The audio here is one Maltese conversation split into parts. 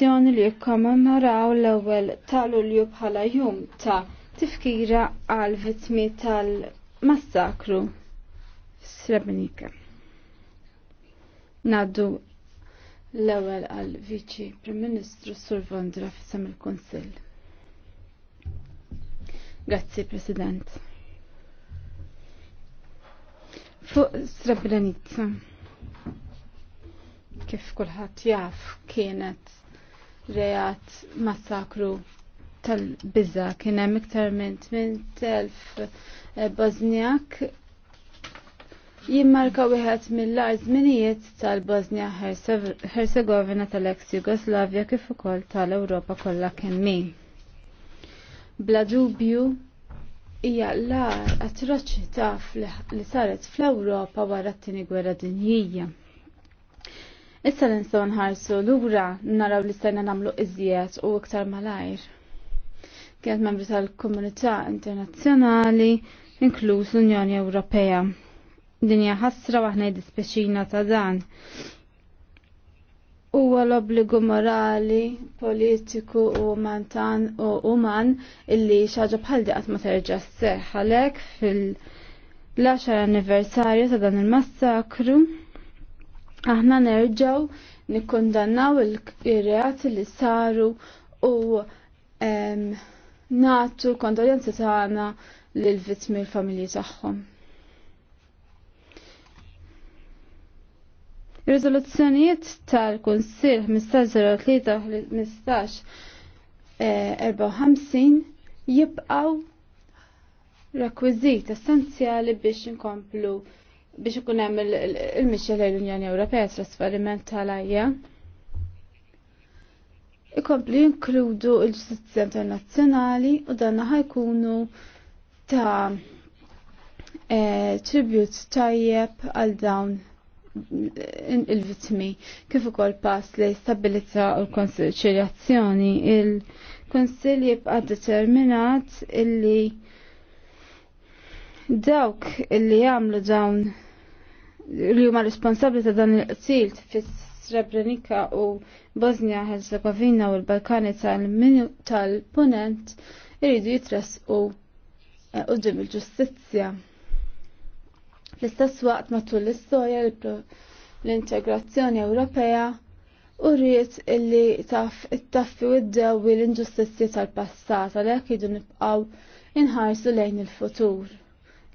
l li jikkommemoraw l-ewwel ta' Lulju bħala jum ta' tifkira għal vittmi tal-massakru f'Srebrenica. Naddu l-ewwel għal Viċi Prim Ministru Sur Vondra f'isem il-Kunsill. Grazzi President. Fuq Srebrenica kif kulħadd jaf kienet reat massakru tal-bizza kien hemm iktar minn 8000 eh, Bosniak jimmarka wieħed mill-ar żminijiet tal-Bosnia Herzegovina tal-ex Jugoslavja kif ukoll tal-Ewropa kollha kemm Bla dubju hija l-ar atroċità li saret fl-Ewropa wara t-tieni gwerra dinjija. Issa l-insaw nħarsu l-ura naraw li stajna namlu iżjed u iktar malajr. Kienet membru tal-komunità internazzjonali, inkluż l-Unjoni Ewropea. Dinja ħasra waħna id-dispeċina ta' dan huwa l-obbligu morali, politiku u mantan u uman illi xaġa bħal diqat ma terġa seħħalek fil-10 anniversarju ta' dan il-massakru Aħna nerġaw nikkondannaw il-reati li saru u em, natu kondoljenzi tagħna l vittmi l-familji tagħhom. Ir-riżoluzzjonijiet kunsill 15 15-03-15-54 jibqaw rekwizit essenzjali biex inkomplu biex ikun hemm il-mixja lejn l-Unjoni Ewropea trasferiment tal-ajja. Ikompli jinkludu l-ġustizzja internazzjonali u danna ħajkunu ta' e, tribut tajjeb għal dawn il-vitmi kif ukoll pass li stabilizza u l-konsiljazzjoni il-konsil jibqa' determinat illi dawk illi jagħmlu dawn li huma responsabbli ta' dan il-qtil fis Srebrenika u Bosnia Herzegovina u l-Balkani tal-Punent iridu u eh, qudiem il-ġustizzja. L-istess waqt matul l-istorja l-integrazzjoni Ewropea u rrit illi taf it-taffi u id-dewi l-inġustizzji tal-passat għalhekk ekidu nibqgħu inħarsu lejn il-futur.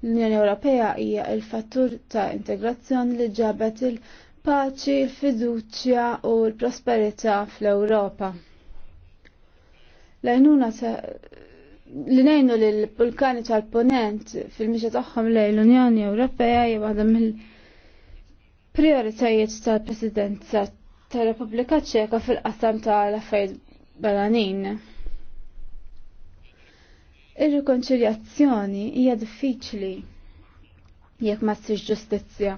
L-Unjoni Ewropea hija il-fattur ta' integrazzjoni li ġabet il-paċi, il-fiduċja u l-prosperità fl-Ewropa. L-għajnuna li nejnu li l pulkani tal-ponent fil-mixa tagħhom li l-Unjoni Ewropea hija waħda mill-prioritajiet tal-Presidenza tal-Repubblika Ċeka fil-qasam tal-affarijiet balanin. Ir-rikonċiljazzjoni hija diffiċli jekk ma ssirx ġustizzja.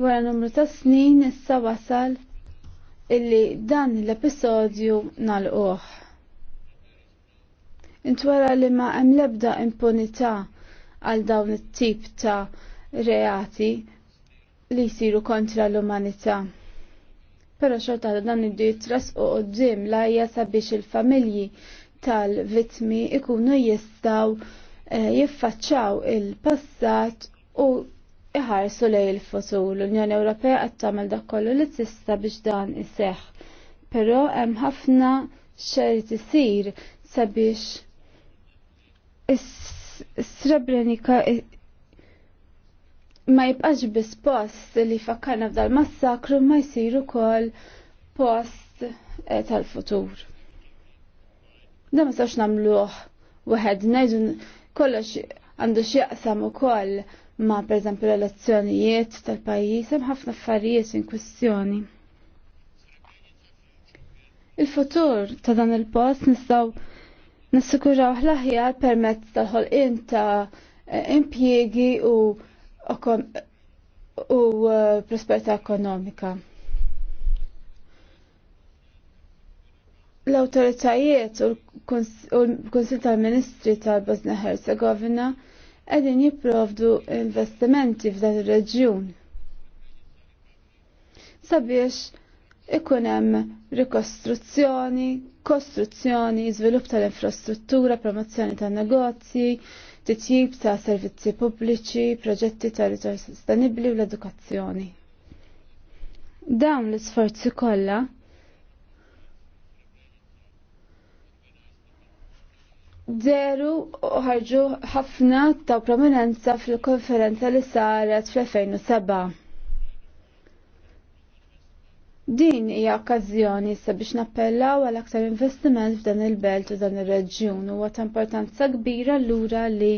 Wara numru ta' snin issa wasal illi dan l-episodju nal-uħ. Intwara li ma' hemm lebda impunità għal dawn it-tip ta' reati li jsiru kontra l-umanità. Però xorta dan iddu u qudiem lajja sabiex il-familji tal-vitmi ikunu jistaw eh, jiffaċċaw il-passat u iħarsu lej il-futur. L-Unjoni Ewropea qed tagħmel dak kollu li tista' biex dan iseħħ. Però hemm ħafna xejn isir sabiex is-Srebrenica ma jibqax biss post li fakkarna f'dal massakru ma jsir ukoll post eh, tal-futur. Da ma sawx namluħ wahed najdu kollox għandu xieqsam u koll ma per eżempju l-elezzjonijiet tal pajis hemm ħafna affarijiet in kwestjoni. Il-futur ta' dan il-post nistgħu nassikuraw l-aħjar permezz tal-ħolqien ta' impjiegi u u eh, prosperità ekonomika. L-autoritajiet u l-Konsil tal-Ministri tal-Bosnia Herzegovina għedin jiprovdu investimenti f'dan il-reġjun. Sabiex ikun hemm rikostruzzjoni, kostruzzjoni, żvilupp tal-infrastruttura, promozzjoni tan-negozji, titjib ta' servizzi pubbliċi, proġetti ta' ritorsi sostenibli u l-edukazzjoni. Dawn l-isforzi kollha Zeru ħarġu ħafna ta' prominenza fil-konferenza li saret fl-2007. Din hija okkażjoni sabiex nappellaw għal aktar investiment f'dan il-belt u dan ir-reġjun huwa ta' importanza kbira lura li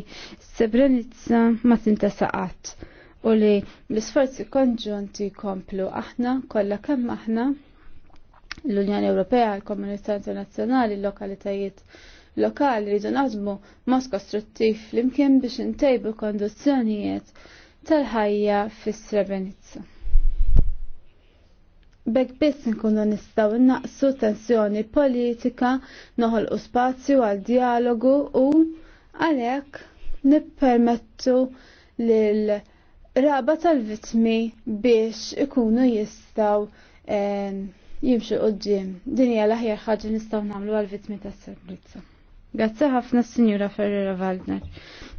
Sebrenizza ma tintasaqat u li l-isforzi konġunti komplu aħna kollha kemm aħna l-Unjoni Ewropea, l-Komunità Internazzjonali, l-lokalitajiet lokali rridu naħdmu mod kostruttiv flimkien biex intejbu kondizzjonijiet tal-ħajja fis-Srebrenica. Bek biss nkunu nistgħu naqsu tensjoni politika, noħolqu spazju għal dialogu u għalhekk nippermettu lil raba tal-vitmi biex ikunu jistaw eh, jimxu Din Dinja l-aħjar ħaġa nistaw namlu għal-vitmi tas-servizza. Grazie ħafna signora Ferrera Waldner.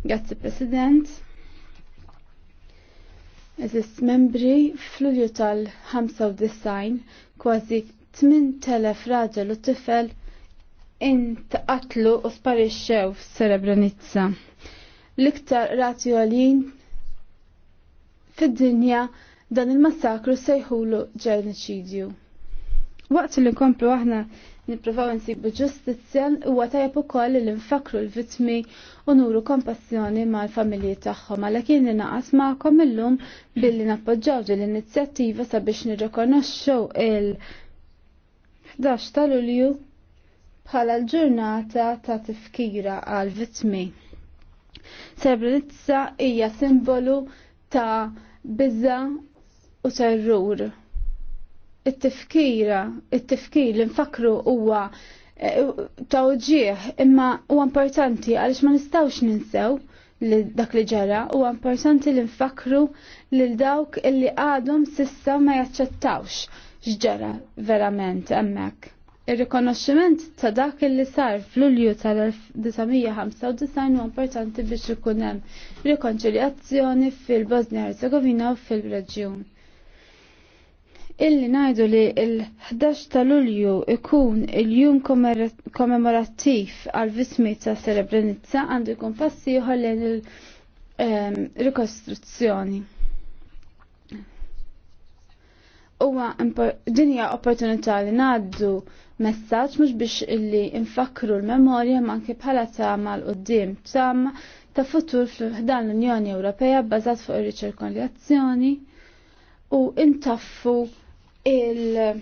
Grazzi President. Eżist membri fl-ulju tal-95 kważi 8000 raġel u tifel intaqatlu u sparixxew f'Serebrenizza. L-iktar rati għalin fid-dinja dan il-massakru sejħulu ġenoċidju. Waqt li komplu aħna nippruvaw insibu ġustizzja huwa tajjeb ukoll li nfakru l-vittmi u nuru kompassjoni mal-familji tagħhom għalhekk li naqas magħkom illum billi nappoġġaw din l-inizjattiva sabiex nirrikonoxxu il- 11 ta' Lulju bħala l-ġurnata ta' tifkira għal vittmi. Srebrenica hija simbolu ta' biża u terrur it-tifkira, it-tifkir li nfakru huwa eh, tawġieħ imma huwa importanti għaliex ma nistgħux ninsew li dak li ġara huwa importanti li nfakru lil dawk illi għadhom sissa ma jaċċettawx x'ġara verament hemmhekk. Ir-rikonoxximent ta' dak li sar fl-Ulju tal-1995 huwa importanti biex ikun hemm rikonċiljazzjoni fil-Bosnia Herzegovina u fil-Reġjun illi najdu li il-11 ta' Lulju ikun il-jum kommemorattiv għal vismi ta' Srebrenica għandu jkun passi lejn il-rikostruzzjoni. Ehm, Huwa dinja opportunità li ngħaddu messaġġ mhux biex illi infakru l-memorja ma anke bħala tama l qudiem tama ta' futur fl-ħdan l-Unjoni Ewropea bbażat fuq ir-riċerkonjazzjoni u intaffu il-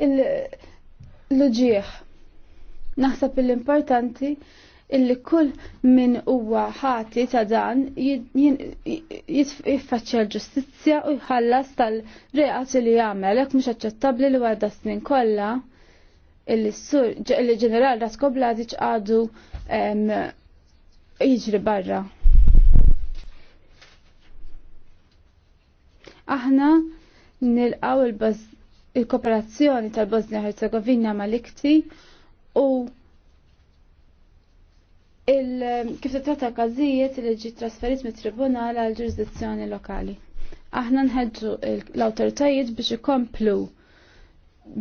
il l-ġieħ Naħseb l-importanti illi kull min huwa ħati ta' dan jitfaċċja l-ġustizzja u jħallas tal-reqat li jagħmel hekk mhux aċċettabbli li għadda snin kollha il-sur il-ġeneral Ratko għadu jiġri barra. Aħna nilqaw il-kooperazzjoni tal-Bosnia Herzegovina mal-Ikti u kif tratta każijiet li ġi trasferit mit-tribunal għal ġurisdizzjoni lokali. Aħna nħedġu l-awtoritajiet biex ikomplu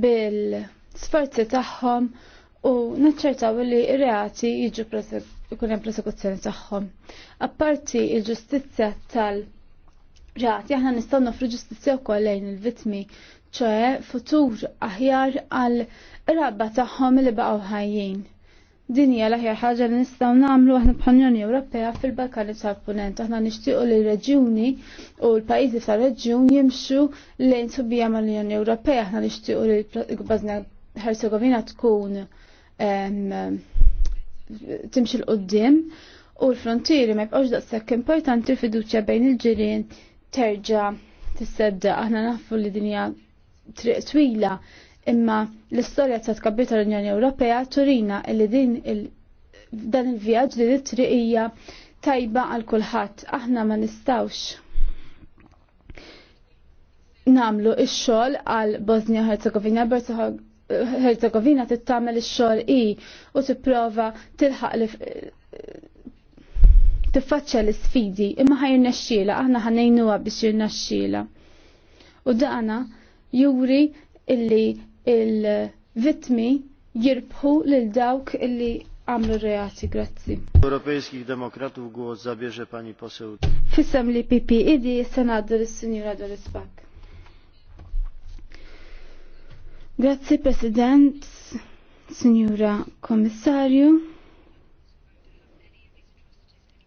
bil-sforzi tagħhom u naċċertaw li reati jiġu ikun hemm prosekuzzjoni tagħhom. Apparti il-ġustizzja tal- rati aħna nistgħu nofru ġustizzja wkoll lejn il-vittmi, ċoe futur aħjar għal rabba tagħhom li baqgħu ħajjin. Din hija l-aħjar ħaġa li nistgħu nagħmlu aħna bħanjoni unjoni Ewropea fil-Balkani tal-Punent. Aħna nixtiequ li reġjuni u l-pajjiżi tal reġjun jimxu lejn subija mal-Unjoni Ewropea. Aħna nixtiequ li l bazna Herzegovina tkun timxil qoddim u l-frontieri ma jibqgħux daqshekk importanti fiduċja bejn il-ġirien terġa tissedda. Aħna naffu li dinja triq twila imma l-istorja ta' tkabbita tal-Unjoni Ewropea turina li din il dan il-vjaġġ li triq hija tajba għal kulħadd. Aħna ma nistawx namlu ix-xogħol għal Bosnia Herzegovina Herzegovina tittamel ix-xogħol i u tipprova tilħaq tiffaċċa l-sfidi imma ħajr nexxiela aħna ħanejnuha biex jirnaxxiela. U daqna juri illi il-vitmi jirbħu lil dawk illi għamlu reati, grazzi. Europejskich Demokratów głos zabierze pani poseł. Fissam li pipi idi senador il-Sinjura Doris Pak. Grazzi President, Sinjura Komissarju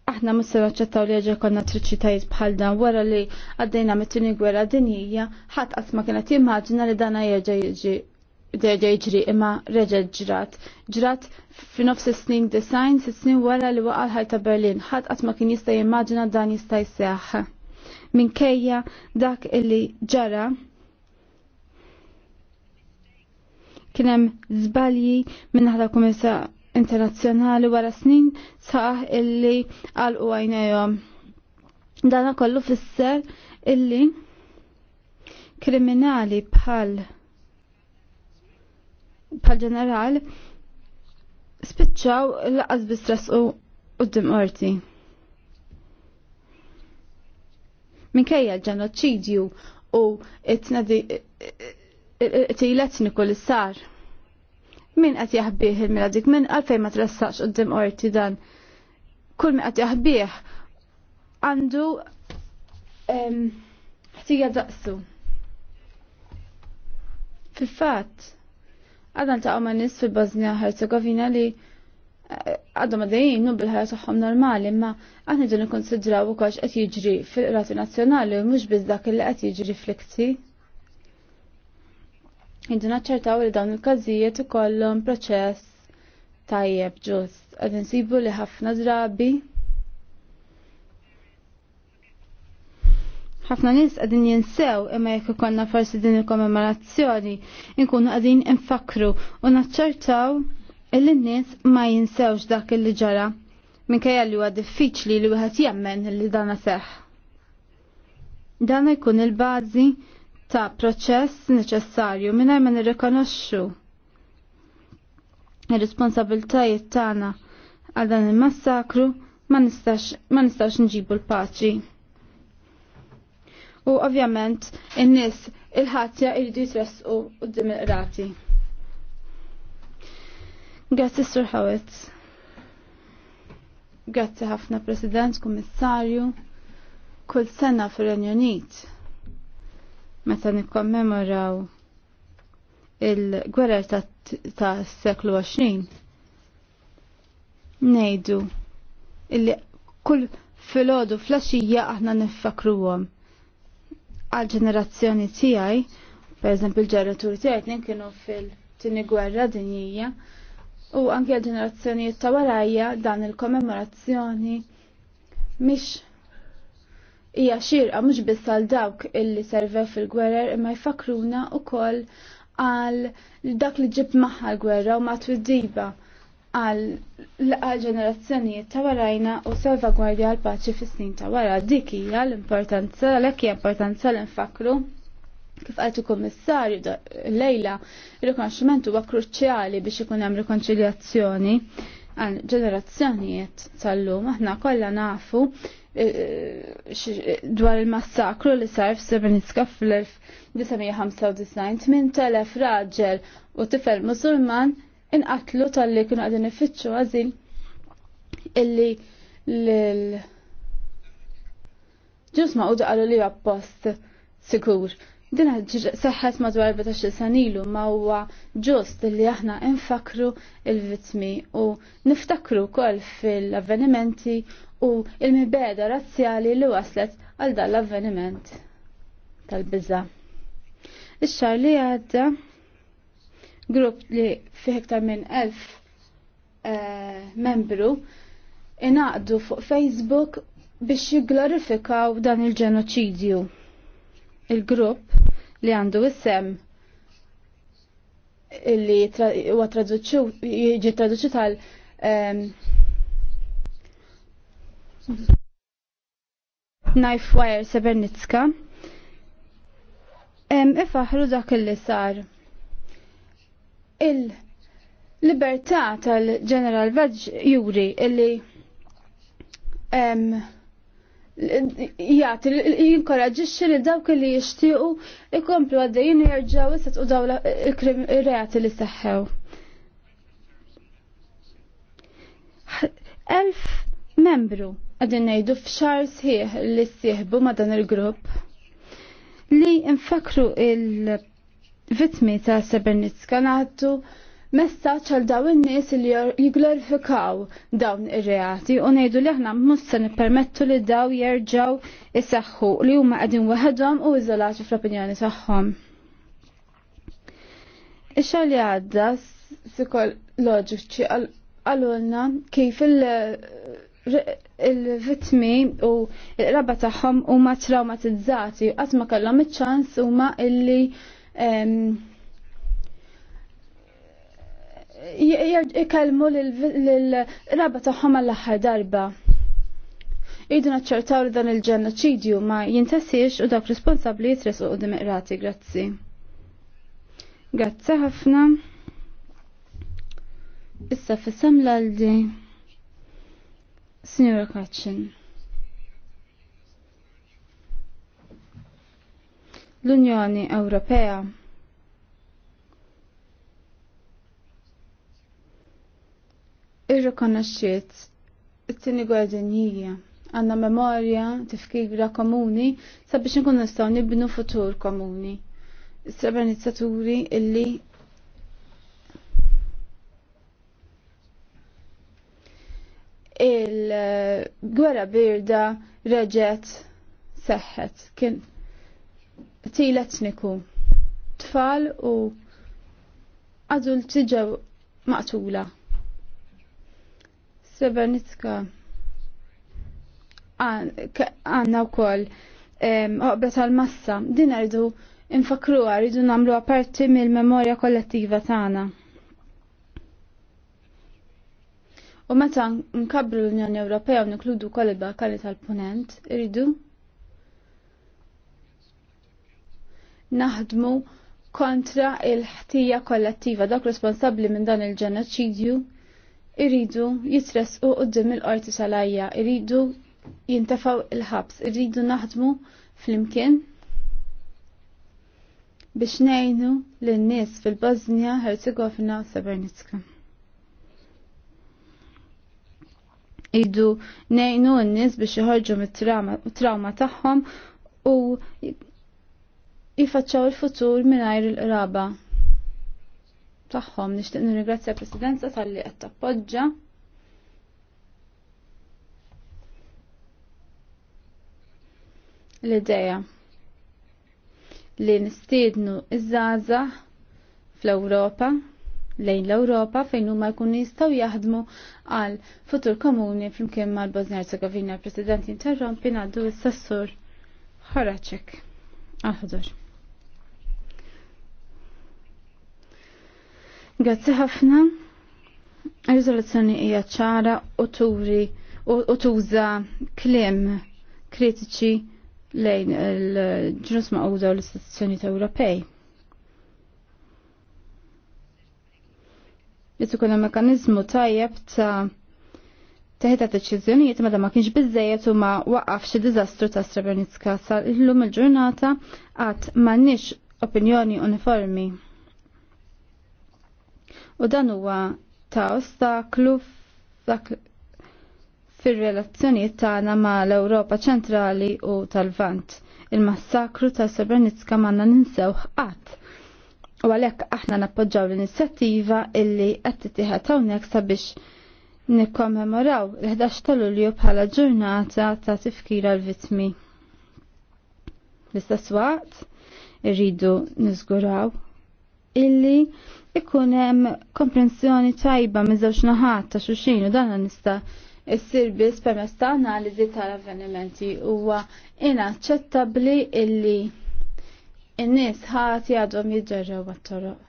aħna ma se naċċettaw li ġa konna triċitajiet bħal dan wara li għaddejna mit-tieni gwerra dinjija, ħadd qatt ma kienet jimmaġina li dana jerġa' jiġi jiġri imma reġa' ġrat. Ġrat f'nofs snin design, snin wara li waqal ħajta Berlin, ħadd qatt ma kien jista' jimmaġina dan jista' Min Minkejja dak illi ġara kien hemm żbalji minn ħala internazzjonali wara snin saħ illi għalqu għajnejhom. Dana kollu fisser illi kriminali bħal bħal ġeneral spiċċaw laqas bistras u qudiem qorti. Minkejja l-ġenoċidju u it-tnadi it-tiletniku li sar min qed jaħbih il mira dik min għalfejn ma tressaqx qudiem qorti dan. Kull min qed jaħbih għandu ħtija daqsu. Fil-fatt, għadha ta' ma nis fil-Bosnia Herzegovina li eh, għadhom għadajin nu bil-ħajja tagħhom normali, imma aħna ġen ikkonsidraw ukoll x'qed jiġri fil-Qrati Nazzjonali u mhux biss dak li qed jiġri fl-ikti. Inti naċċertaw li dawn il-każijiet ikollhom proċess tajjeb ġust. Qed insibu li ħafna drabi ħafna nies qegħdin jinsew imma jekk ikollna forsi din il-kommemorazzjoni nkunu qegħdin infakru u naċċertaw illi n-nies ma jinsewx dak li ġara minkejja li huwa diffiċli li wieħed jemmen li dana seħ. Dan jkun il-bażi ta' proċess neċessarju mingħajr ma nirrikonoxxu ir-responsabiltajiet tagħna għal dan il-massakru ma nistax nġibu l-paċi. U ovvjament in-nies il-ħatja jridu jitresqu qudiem il-qrati. Grazzi Sur Hawet. Grazzi ħafna President, Kummissarju. Kull sena fir-Renju Unit meta nikkommemoraw il-gwerer ta' s-seklu 20 nejdu illi kull filodu flasġija aħna nifakruhom għal ġenerazzjoni tiegħi, per eżempju l ġeratur tijaj kienu fil-tini gwerra dinjija, u anke għal ġenerazzjonijiet ta' dan il-kommemorazzjoni mhix hija xirqa mhux biss għal dawk illi servew fil-gwerer imma jfakruna wkoll għal dak li ġib magħha l-gwerra u ma' twiddiba għal ġenerazzjonijiet ta' warajna u salvagwardja għal paċi fis-snin ta' wara. Dik hija l-importanza, l ekki hija importanza l-infakru kif għaltu kummissarju lejla il-rikonximent huwa kruċjali biex ikun hemm rikonċiljazzjoni għal ġenerazzjonijiet tal-lum aħna kollha nafu Eh, eh, eh, dwar il-massakru li sar f'Srebrenica fl-1995 minn telef raġel u tifel musulman inqatlu tal-li kienu għadin ifittxu għazil illi l ġus ma' uġa għallu li għappost sigur. Din saħħet madwar 14 sanilu ma huwa ġust li aħna infakru il-vitmi u niftakru kol fil-avvenimenti u il-mibeda razzjali li waslet għal dan l-avveniment tal-bizza. Ix-xar li għadda grupp li fih iktar minn elf eh, membru inaqdu fuq Facebook biex jigglorifikaw dan il-ġenoċidju. Il-grupp li għandu is-sem li huwa jiġi traduċu tal ehm, Knife Wire Sebernicka. Ifaħru dak li sar. Il-libertà tal-ġeneral Vaġ Juri illi jgħat jinkoraġiċi li dawk li jishtiqu ikomplu għaddejjin jirġaw jisat u dawla reati li seħħew. Elf membru għadin nejdu fxar sħiħ li sieħbu ma dan il-grupp li infakru il-vitmi ta' Sabernitska naħdu messaċ għal daw in-nies li jigglorifikaw dawn ir-reati u ngħidu li aħna mussan permettu nippermettu li daw jerġgħu isaħħu li huma qegħdin waħedhom u iżolati fl-opinjoni tagħhom. ix li għadda loġiċi għalulna kif il- il-vitmi u il-raba tagħhom huma traumatizzati u qatt ma kellhom iċ-ċans huma illi jikalmu l raba tagħhom għall-aħħar darba. Idu naċċertaw li dan il-ġenoċidju ma jintessiex u dak responsabbli jitresqu qudiem iqrati, grazzi. Grazzi ħafna. Issa fissam l-għaldi. Signora Kacin. L-Unjoni Ewropea irrikonoxxiet it-tieni gwardinjija għandna memorja tifkira komuni sabiex nkun nistgħu nibnu futur komuni. Is-sebanizzaturi illi il-gwerra birda reġet seħħet kien tilet sniku tfal u adulti ġew maqtula. Srebrenica għanna u koll oqbet għal-massa din għardu infakruha rridu namlu parti mill-memorja kollettiva tagħna. U meta nkabru l-Unjoni Ewropea u nikludu koll il-Balkani tal-Punent, irridu naħdmu kontra il-ħtija kollettiva dak responsabbli minn dan il-ġenoċidju irridu jitresqu qudiem il-qorti tal-ajja, irridu jintefaw il-ħabs, irridu naħdmu fl-imkien biex nejnu l-nies fil-Bosnia, Herzegovina u Sabernitska. jiddu nejnu n-nis biex jħorġu mit-trauma tagħhom u jifaċċaw il-futur mingħajr il-qraba tagħhom. Nixtieq nirringrazzja Presidenza tal-li qed tappoġġa. L-ideja li nistiednu iż-żgħażagħ fl-Ewropa lejn l-Ewropa fejn huma jkunu jistgħu jaħdmu għal futur komuni flimkien mal-Bosnia Herzegovina. President interrompi ngħaddu s-sassur Horaċek. Aħdur. Grazzi ħafna. riżoluzzjoni hija ċara u turi u tuża kliem kritiċi lejn il-ġnus ma' l-istituzzjoni Ewropej. li tkun mekanizmu mekkaniżmu tajjeb ta' teħita deċiżjonijiet meta ma kienx biżejjed u ma waqaf xi diżastru ta' Srebrenica sal illum il-ġurnata qatt m'għandniex opinjoni uniformi. U dan huwa ta' ostaklu fir-relazzjonijiet tagħna ma' l-Ewropa ċentrali u tal-Vant. Il-massakru ta' Srebrenica ma' ninsewħ qatt U għalhekk aħna nappoġġaw l-inizjattiva illi qed tittieħed hawnhekk sabiex nikkommemoraw l-11 ta' Lulju bħala ġurnata ta' tifkira l-vittmi. L-istess waqt irridu niżguraw illi ikun hemm komprensjoni tajba minn żewġ naħat ta' xulxin u dan nista' issir biss permezz ta' analiżi tal-avvenimenti huwa inaċċettabbli illi in-nies ħadd għadhom jidderrew għat toroq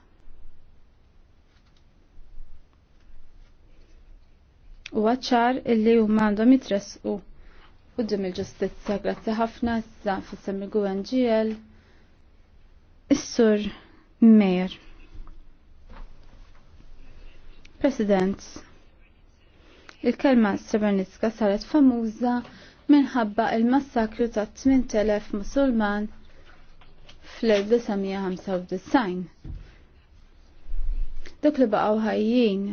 U għacċar illi u għandhom jitresqu u dim il ġustizzja grazzi ħafna issa fis-semmi GUNGL is-sur Mayor. President, il-kelma Srebrenica saret famuża minħabba il-massakru ta' 8000 musulman fl-1995. Dak li baqgħu ħajjin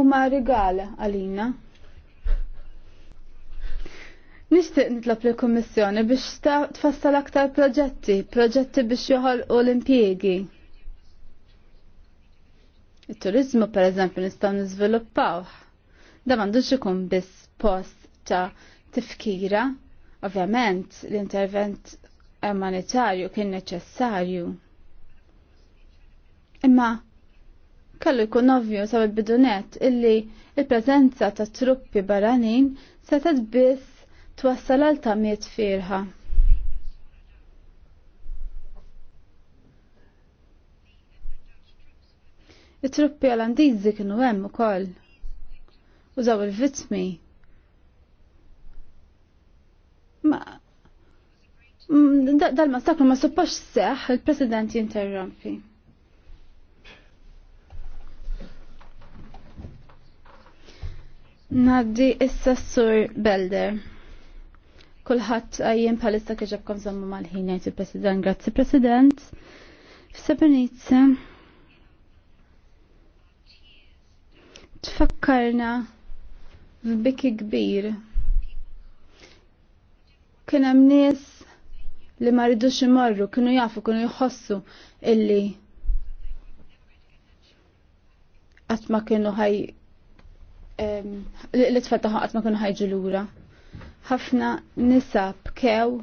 u ma rigal għalina. Nishtiq nitlab li kommissjoni biex tfassal aktar proġetti, proġetti biex joħol u l-impiegi. Il-turizmu per eżempju nistaw nizviluppawh. Da m'għandux ikun biss post ta' tifkira. Ovvjament l-intervent umanitarju kien neċessarju. Imma kellu jkun ovvju sa' il-bidunet illi il-prezenza ta' truppi barranin se biss twassal għal tamiet firħa. it-truppi għalandizi kienu hemm ukoll. Użaw il-vitmi Mm, Dal-massakru ma suppox seħ il-President jinterrompi. Naddi issa sur Belder. Kulħadd għajjen palista kieġabkom zammu mal-ħin il-President. Grazzi President. F'Sebinizza. Tfakkarna f-biki kbir. Kien hemm nies li ma rridux imorru kienu jafu kienu jħossu illi qatt ma kienu ħaj li tfal taħħa kienu ħajġu lura. Ħafna nisa bkew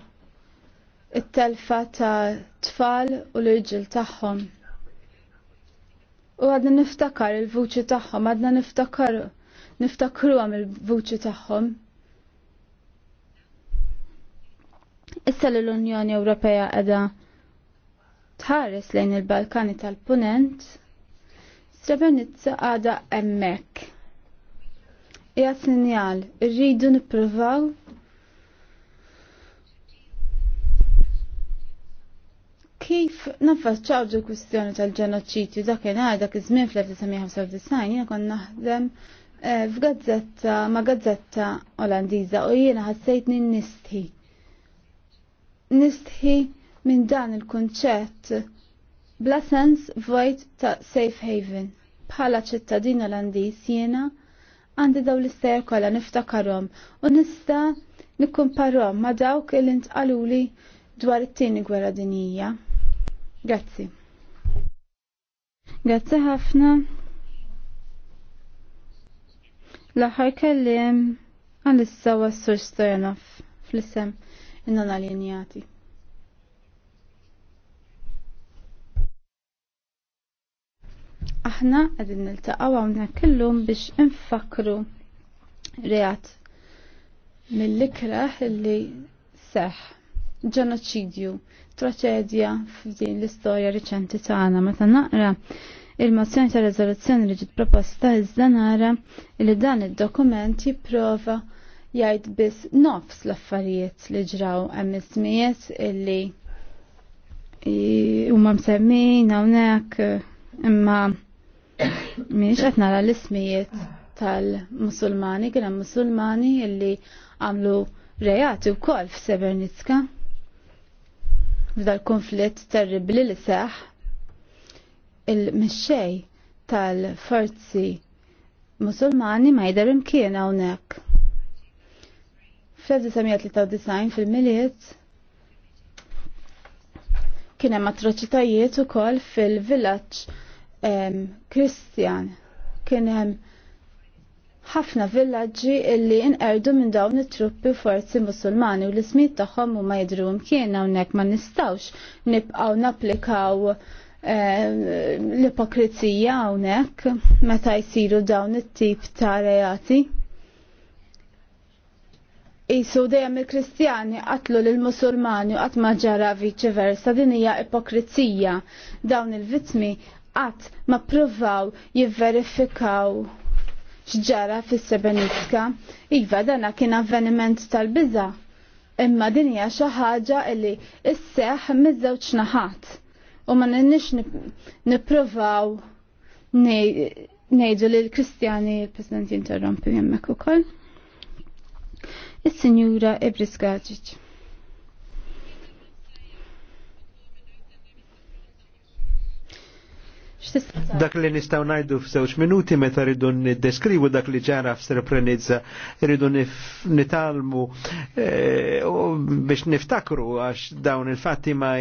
it-telfa ta' tfal u l ġil tagħhom. U għadna niftakar il-vuċi tagħhom, għadna niftakar niftakru għam il-vuċi tagħhom. Issa l-Unjoni Ewropea qeda tħares lejn il-Balkani tal-Punent, Srebrenica għada emmek. Ija sinjal, rridu nippruvaw kif naffaċċaw ġu kwistjoni tal-ġenoċitju dakken għadak iż-żmien fl-1995 jiena kon naħdem eh, f'gazzetta ma' gazzetta Olandiża u jiena ħassejt ninnistħi nistħi minn dan il-kunċett bla sens vojt ta' safe haven. Bħala ċittadin Olandiż jiena għandi daw l istajr kollha niftakarom u nista' nikkumparhom ma' dawk li ntqaluli dwar it-tieni gwerra dinija. Grazzi. Grazzi ħafna. L-aħħar kellim għal-issa was-sur Stojanov fl-isem non alienjati. Aħna għedin nil-taqaw għawna kellum biex infakru reat mill-ikraħ li seħ ġenoċidju, traċedja f'din l-istorja riċenti tagħna meta naqra il-mozzjoni ta' rezoluzzjoni li ġiet proposta iżda nara li dan id-dokument jipprova jgħid biss nofs l-affarijiet li ġraw hemm ismijiet illi huma msemmin hawnhekk imma mhix qed nara l-ismijiet tal-Musulmani kien hemm Musulmani illi għamlu rejati wkoll f'Sebernitska f'dal konflitt terribli li seħ il-mixxej tal-forzi Musulmani ma jidher imkien hawnhekk. Fl-1993 fil-miliet kien hemm atroċitajiet ukoll fil-villaġġ Kristjan. Kien hemm ħafna villaġġi illi inqerdu minn dawn it-truppi forzi Musulmani u l-ismijiet tagħhom huma jidru kien hawnhekk ma nistgħux nibqgħu napplikaw l-ipokrizija hawnhekk meta jsiru dawn it-tip ta' reati. Isu dejjem il-Kristjani qatlu lil musulmani u qatt ma ġara versa din hija ipokrizija. Dawn il-vittmi qatt ma pruvaw jivverifikaw x'ġara fis-Sebenitska. Iva dana kien avveniment tal-biża. Imma din hija xi ħaġa li isseħ miż-żewġ naħat. U ma ninnix nippruvaw ngħidu lill-Kristjani il-President jinterrompi hemmhekk ukoll il sinjura Ibriskaġiċ. Dak li nistaw najdu f'żewġ minuti meta rridu niddeskrivu dak li ġara f'Srebrenica, rridu nitalmu eh, biex niftakru għax dawn il-fatti ma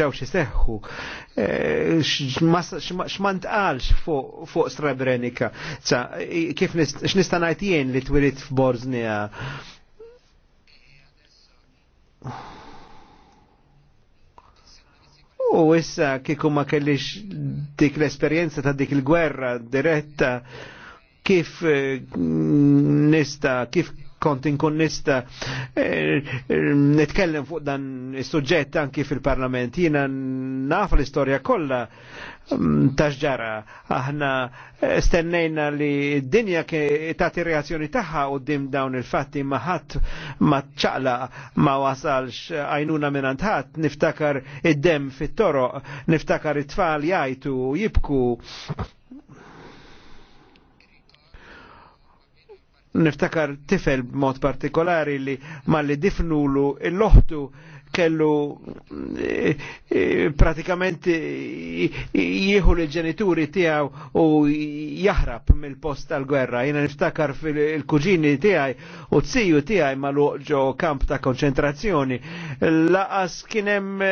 ġawx iseħħu. E, X'mant qalx fuq fu Srebrenica, kif nista' ngħid jien li twirid f'Bosnia U issa kieku ma kellix dik l-esperienza ta' dik il-gwerra diretta kif eh, nista, kif kont inkun nista eh, eh, nitkellem fuq dan is-suġġett anki fil-Parlament. Jiena naf l-istorja kollha mm, ta' ġara. Aħna eh, stennejna li d-dinja tagħti reazzjoni tagħha qudiem dawn il-fatti ma ħadd ma ċaqla ma wasalx għajnuna minn ħadd niftakar id-dem fit-toroq, niftakar it-tfal jajtu jibku niftakar tifel b'mod partikolari li malli difnulu l-loħtu kellu eh, eh, pratikament eh, jieħu l-ġenituri tijaw u jahrab mill-post tal-gwerra. Jena niftakar fil-kuġini tijaj u tziju tijaj ma ġo kamp ta' konċentrazzjoni. Laqas kienem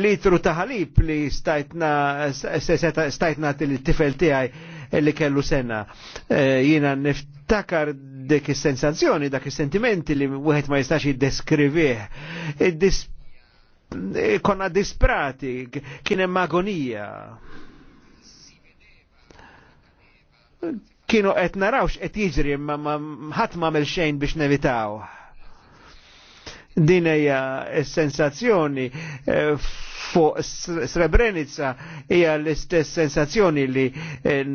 litru ta' ħalib li stajtna stajtna til-tifel tijaj li kellu sena. E, jina niftakar dik is-sensazzjoni, dak is-sentimenti li wieħed ma jistax jiddeskrivih. Konna disprati, kien hemm agonija kienu qed narawx qed jiġri ma ħadd m'għamel xejn biex nevitaw din hija sensazzjoni eh, fuq Srebrenica hija l-istess sensazzjoni li eh,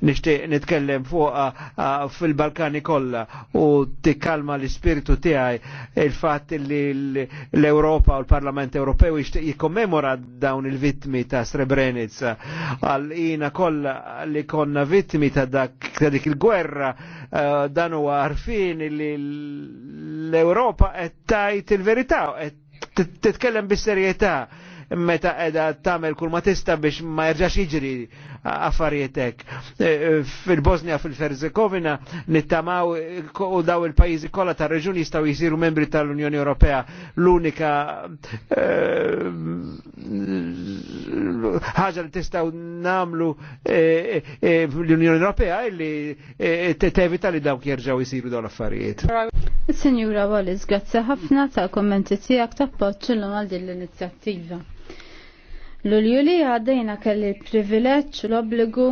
nixtieq nitkellem fuq fil-Balkani kollha u tikkalma l-ispiritu tiegħi il-fatt li l-Ewropa u l-Parlament Ewropew jixtieq jikkommemora dawn il-vittmi ta' Srebrenica għal ina kollha li konna vittmi ta' dak ta' dik il-gwerra Eh, dan huwa għarfin li l europa qed tajt il-verità, qed titkellem bis-serjetà meta edha tamel kull ma tista biex ma jerġax jiġri affarietek. E, e, Fil-Bosnia, fil-Ferzekovina, nittamaw u daw il-pajizi kolla ta' reġuni jistaw jisiru membri tal-Unjoni Ewropea l-unika e, ħaġa li tistaw namlu l-Unjoni Ewropea illi tevita li dawk jerġaw jisiru daw l-affarijiet. Signora Wallis, grazzi ħafna ta' kommenti tijak ta' poċċillu għal din l-inizjattiva. L-ulju għaddejna kelli l-privileġġ, l-obbligu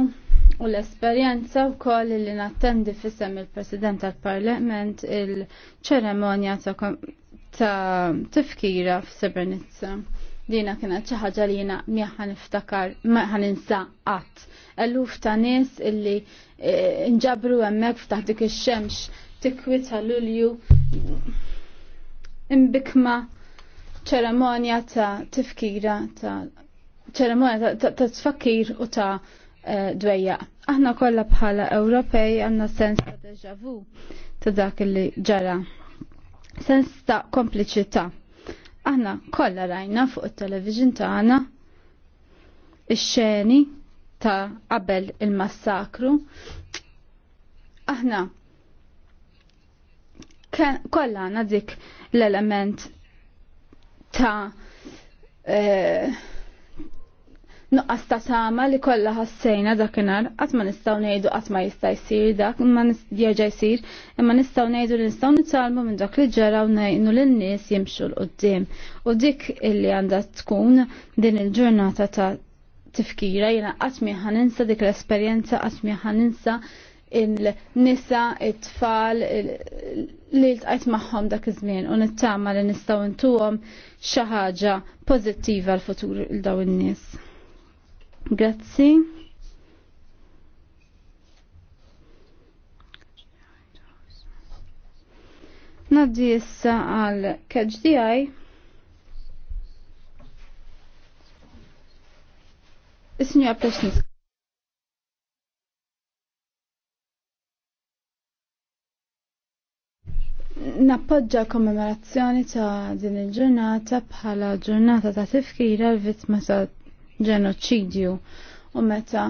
u l-esperjenza u koll li nattendi fissem il-President tal-Parlament il-ċeremonja ta' tifkira f'Sebrenica. Dina kienet xi ħaġa li jiena miħan niftakar maħan insaqat. Eluf ta' nies illi e, nġabru hemmhekk f'taħt dik ix-xemx tikwita lulju imbikma ċeremonja ta' tifkira ta' ċeremonja ta' tfakkir u ta' eh, dweja. Aħna kollha bħala Ewropej għandna sens ta' deja vu ta' dak li ġara. Sens ta' kompliċità. Aħna kollha rajna fuq it-televiġin tagħna ix-xeni ta' qabel il-massakru. Aħna kollha għandna dik l-element ta' eh, nuqqas ta' sama li kollha ħassejna dakinhar qatt ma nistgħu ngħidu qatt ma jista' jsir dak ma jerġa' jsir imma nistgħu ngħidu li nistgħu nitalmu minn dak li ġara u ngħinu lin-nies jimxu l qudiem U dik illi għandha tkun din il-ġurnata ta' tifkira jiena qatt mi ninsa dik l-esperjenza qatt mi ninsa il-nisa, it-tfal, li l-tqajt maħħom dak iż-żmien u nittama li nistgħu ntuhom xi ħaġa pożittiva l-futur il-daw in-nies. Grazzi. Naddi issa għal the Eye. sinjora Plesniska. Nappoġġa kommemorazzjoni ta' din il-ġurnata bħala ġurnata ta' tifkira l-vittma ta' ġenoċidju u meta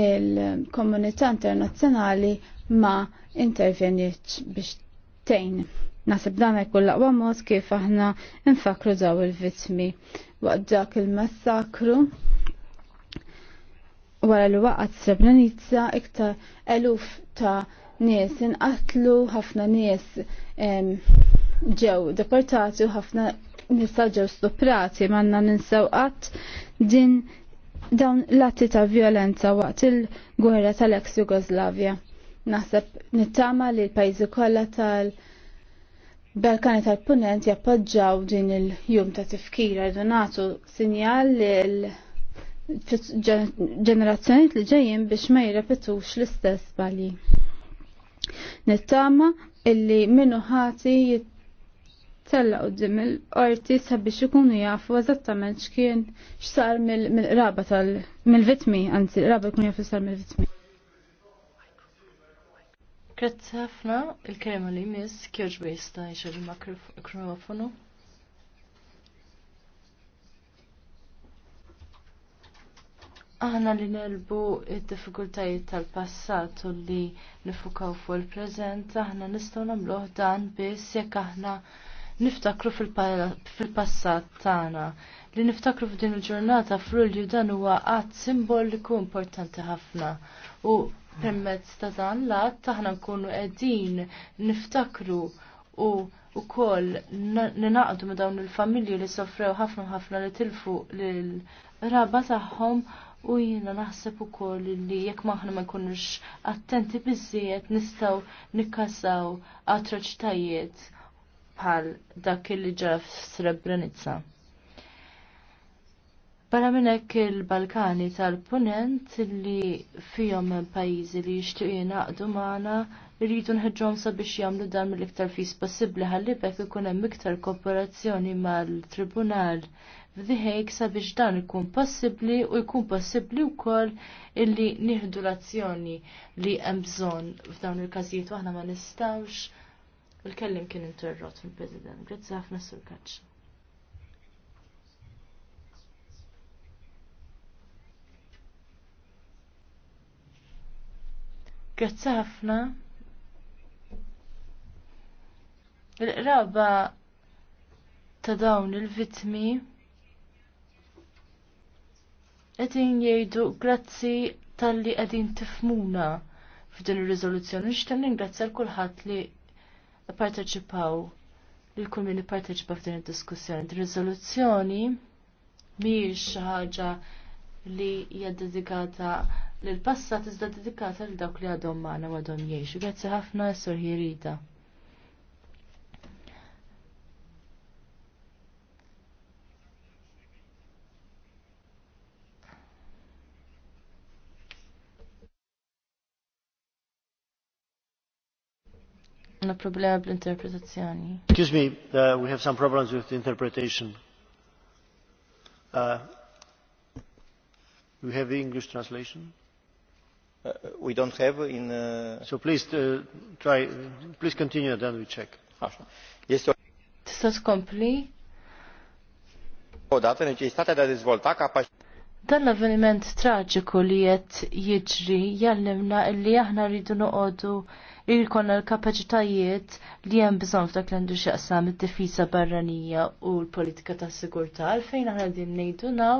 il-komunità internazzjonali ma intervenjiet biex tejn. Nasib dan jkun laqwa mod kif aħna infakru daw il-vitmi waqt dak il-massakru wara li waqgħet Srebrenica iktar eluf ta' nies inqatlu, ħafna nies ġew deportati u ħafna nisaw ġew stuprati manna ninsaw qatt din dawn l-atti ta' violenza waqt il-gwerra tal-ex Jugoslavja. Naħseb nittama li l-pajzi kollha tal- Balkani tal-punent jappoġġaw din il-jum ta' tifkira rridu nagħtu sinjal l ġenerazzjoniet li ġejjin biex ma jirrepetux l-istess bali. Nittama illi minnu ħati tella qoddim il-qorti sabiex ikunu jafu eżattament x'kien x'sar mill-raba tal mill-vitmi, anzi raba jkun jafu xsar mill-vitmi. Grazzi ħafna il-kelma li miss kjoġ jista' jxogħol il-mikrofonu. Aħna li nelbu id-diffikultajiet tal-passat u li nifukaw fuq il-preżent, aħna nistgħu nagħmluh dan biss jekk aħna niftakru fil-passat tagħna li niftakru f'din il-ġurnata Frulju dan huwa qatt simboliku importanti ħafna u permezz ta' dan l-att taħna nkunu qegħdin niftakru u u ninaqdu ma dawn il-familji li soffrew ħafna ħafna li tilfu l-raba tagħhom u jiena naħseb ukoll li jekk maħna ma jkunux attenti biżżejjed nistgħu nikkasaw atroċitajiet bħal dak li ġara Srebrenica. Bara minnek il-Balkani tal-Punent li fihom pajjiżi li jixtieq jingħaqdu magħna rridu nħedġom sabiex jagħmlu dan mill-iktar fis possibbli ħallibek ikun hemm iktar kooperazzjoni mal-Tribunal f'diħejk sabiex dan ikun possibbli u jkun possibbli wkoll illi nieħdu l-azzjoni li hemm bżonn f'dawn il-każijiet waħna ma nistawx. U l-kellim kien interrot mill-President. Grazzi ħafna sur kaċċ. Grazzi ħafna. Il-qraba ta' dawn il-vitmi Għedin jgħidu grazzi tal-li għedin tifmuna f'din ir-riżoluzzjoni. Nixtieq ningrazzja l kulħadd li parteċipaw il kull min parteċipa f'din id-diskussjoni. Ir-riżoluzzjoni mhijiex ħaġa li hija dedikata lill passat iżda dedikata lil dawk li għadhom magħna u għadhom jgħixu. Grazzi ħafna s-sur jirida. Na problema bl-interpretazzjoni. Excuse me, uh, we have some problems with the interpretation. Uh, we have the English translation? Uh, we don't have in... Uh... So please uh, try, please continue then we check. Este Tista tkompli? Odată necesitatea de a dezvolta capacitatea dan l-avveniment traġiku li jett jiġri jallimna illi aħna rridu noqogħdu konna l-kapaċitajiet li hemm bżonn f'dak l għandu x'jaqsam id-difiża barranija u l-politika tas sigurtà għalfejn għal din nejdu naw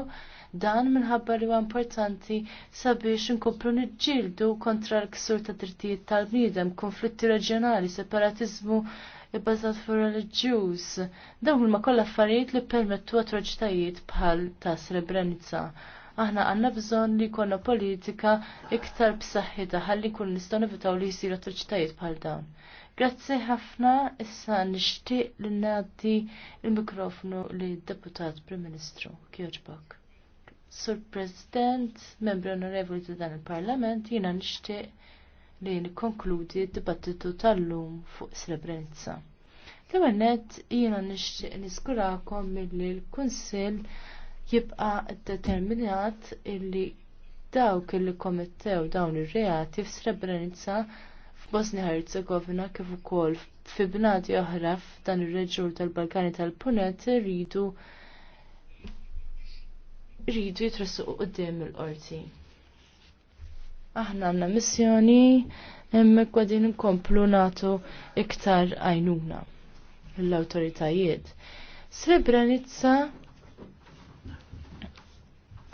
dan minħabba li huwa importanti sabiex inkomplu niġġieldu kontra l-ksur ta' drittijiet tal-bniedem, konflitti reġjonali, separatiżmu ibbażat fuq reliġjuż. Dawn huma kollha affarijiet li permettu atroċitajiet bħal ta' Srebrenica aħna għanna bżon li konna politika iktar b'saħħita ħalli kun nistgħu nivitaw li jsiru atroċitajiet bħal dawn. Grazzi ħafna issa nixtieq li nagħti il-mikrofonu li deputat Prim Ministru Kjoġbok. Sur President, membri onorevoli ta' dan il-Parlament, jiena nixtieq li nikkonkludi d-dibattitu tal-lum fuq Srebrenica. L-ewwel nett jiena nixtieq niskurakom milli l-Kunsill jibqa determinat illi dawk illi kommettew dawn ir-reati f'Srebrenica f'Bosnia Herzegovina kif ukoll fi bnadi oħra f'dan ir-reġjun tal-Balkani tal-Punent iridu iridu jitressu qudiem il-qorti. Aħna għandna missjoni hemmhekk qegħdin inkomplu nagħtu iktar għajnuna l-awtoritajiet. Srebrenica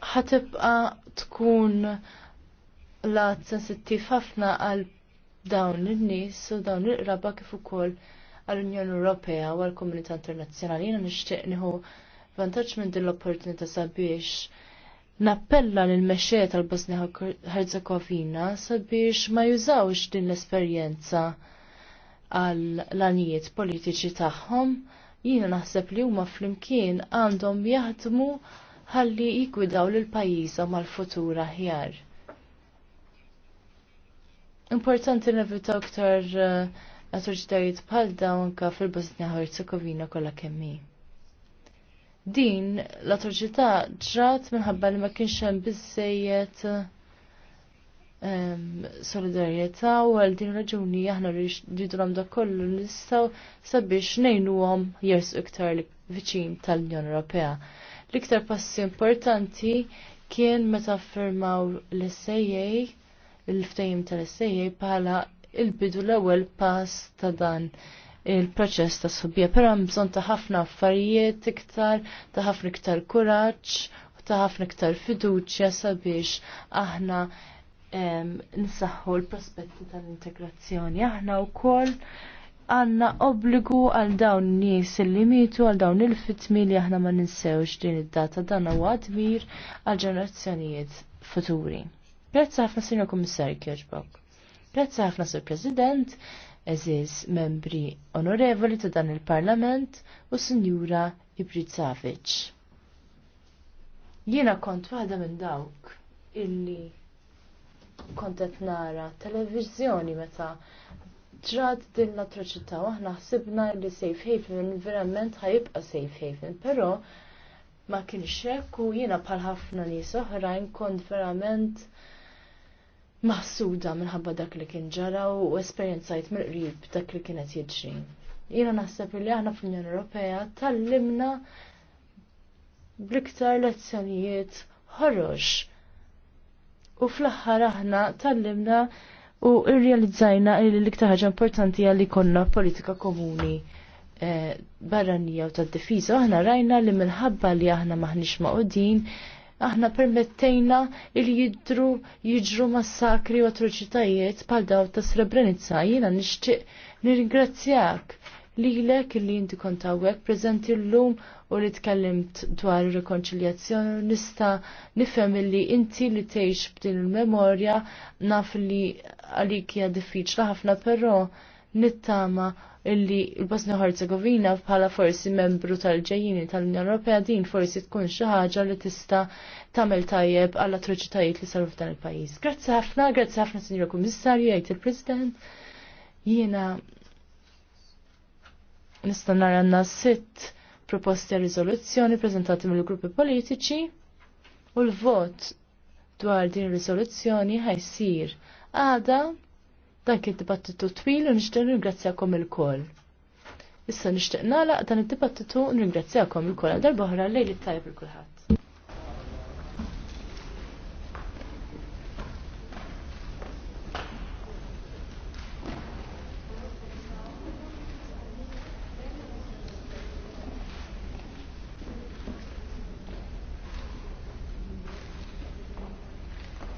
ħatibqa tkun lat sensittiv ħafna għal dawn il-nies u dawn il-qraba kif ukoll għall-Unjoni Ewropea u għall-Komunità Internazzjonali. Jiena nixtieq nieħu vantaġġ minn din l-opportunità sabiex nappella lil mexxej tal-Bosnia Herzegovina sabiex ma jużawx din l-esperjenza għal lanijiet politiċi tagħhom. Jiena naħseb li huma flimkien għandhom jaħdmu ħalli jikwidaw lil pajjiżhom mal futur aħjar. Importanti nevitaw aktar eh, atroċitajiet bħal dawn ka fil-Bosnia Herzegovina kollha kemm Din l-atroċità ġrat minħabba li ma kienx hemm biżejjed ehm, solidarjetà u għal din raġuni aħna rridu namda kollu nistgħu sabiex ngħinuhom jersu iktar viċin tal unjoni Ewropea. L-iktar passi importanti kien meta firmaw l-SAA, il-ftajim tal-SAA, bħala il-bidu l-ewel pass ta' dan il-proċess ta' subija, pero bżon ta' ħafna affarijiet iktar, ta' ħafna iktar kuraġġ, ta' ħafna iktar fiduċja sabiex aħna nsaħħu l-prospetti tal-integrazzjoni. Aħna u koll għanna obbligu għal dawn nies li mitu għal dawn il-fitmi li aħna ma ninsewx din id-data dan huwa kbir għal ġenerazzjonijiet futuri. Grazzi ħafna Sinjor Kummissarju Kirchbock. Grazzi ħafna Sur President, eżiz membri onorevoli ta' dan il-Parlament u Sinjura Ibrizavic. Jiena kont waħda minn dawk illi kontet nara televizjoni meta ġrad din l-atroċità u aħna ħsibna li safe haven verament ħajibqa' safe haven, però ma kienx hekk u jiena bħal ħafna nies oħrajn kont verament maħsuda minħabba dak li kien ġara u esperjenzajt mill-qrib dak li kienet jiġri. Jiena naħseb li aħna fl-Unjoni Ewropea tallimna bl-iktar lezzjonijiet ħorox. U fl-aħħar aħna tallimna u irrealizzajna li l-iktar ħaġa importanti għalli konna politika komuni eh, barranija u tad-difiża. Aħna rajna li minħabba li aħna maħniex maqudin, aħna permettejna li jidru jiġru massakri u atroċitajiet bħal daw ta' Srebrenica. Jiena nixtieq nirringrazzjak lilek li jinti kontawek prezenti preżenti llum u li tkellimt dwar ir-rekonċiljazzjoni nista' nifhem li inti li tgħix b'din il-memorja naf li għalik hija diffiċli ħafna però nittama illi l-Bosnia Herzegovina bħala forsi membru tal-ġejjini tal-Unjoni Ewropea din forsi tkun xi ħaġa li tista' tagħmel tajjeb għall atroċitajiet li saru f'dan il-pajjiż. Grazzi ħafna, grazzi ħafna Sinjura Kummissarju, jgħid il-President. Jiena nista' narranna sitt proposti għal riżoluzzjoni preżentati mill-gruppi politiċi u l-vot dwar din riżoluzzjoni ħajsir għada dan kien dibattitu twil u nixtieq ringrazzjakom il-koll. Issa nixtieq nagħlaq dan id-dibattitu nringrazzjakom il-koll għal darba l lejli tajjeb il kulħadd.